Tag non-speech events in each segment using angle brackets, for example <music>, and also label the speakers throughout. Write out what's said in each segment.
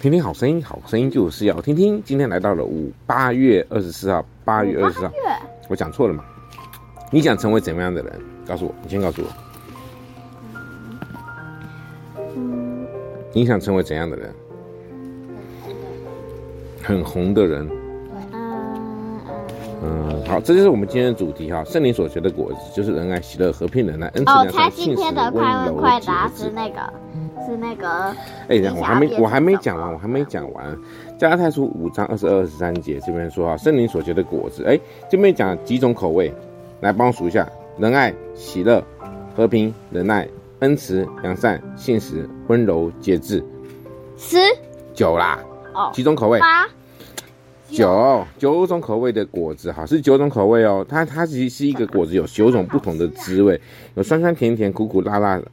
Speaker 1: 聽聽好聲音，好聲音就是要聽聽。今天來到了24 24五八月二十四號，八月二十四號，我講錯了嘛？你想成為怎麼樣的人？告訴我，你先告訴我。你想成為怎樣的人？很紅的人。嗯嗯嗯。好，這就是我們今天的主題哈。聖靈所結的果子就是仁愛、喜樂、和平、忍耐、恩慈、哦、天的快問、哦、快答柔、那個是那個，哎、欸，等下下我還沒，我還沒講完，我還沒講完、啊。加拉太、嗯、書五章二十二、二十三節，這邊說啊，聖靈所結的果子，哎、欸，這邊講幾種口味，來幫我數一下：仁愛、喜樂、和平、忍耐、恩慈、良善、信實、溫柔、節制。十。九啦。哦。Oh, 幾種口味。八。九，九種口味的果子哈，是九種口味哦。它，它其實是一個果子，有九種不同的滋味，啊、有酸酸、甜甜、嗯、苦苦、辣辣的。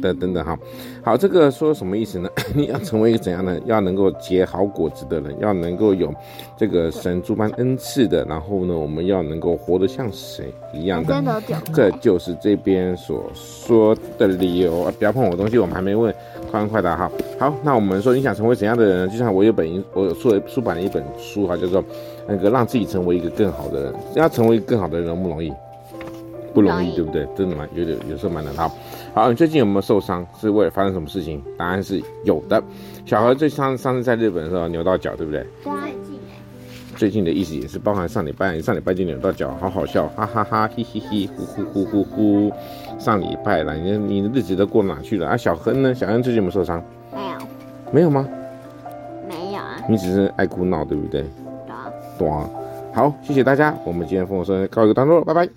Speaker 1: 的等等哈，好，這個說什麼意思呢？你 <laughs> 要成為一個怎樣的人，要能夠結好果子的人，要能夠有這個神諸般恩賜的，對然後呢，我們要能夠活得像神一樣的。這就是這邊所說的理由。啊、不要碰我東西，我們還沒問，快問快答哈。好，那我們說你想成為怎樣的人呢？就像我有本一，我有書，出版的一本書哈、啊，叫做那個讓自己成為一個更好的人。要成為更好的人容不容易，不容易，對不對？真的蠻有點，有時候蠻難哈。好好，你最近有沒有受傷？是為了發生什麼事情？答案是有的。小禾最上上次在日本的時候扭到腳，對不對？緊最近，的意思也是包含上禮拜，你上禮拜就扭到腳，好好笑，哈，哈哈哈，嘻嘻嘻，呼呼呼呼呼。上禮拜了，你你的日子都過哪去了啊？小恩呢？小恩最近有，沒有受傷？沒有，沒有嗎？沒有啊。你只是愛哭鬧，對不對？啊對。好，謝謝大家，我們今天豐禾碩恩告一個段落，拜拜。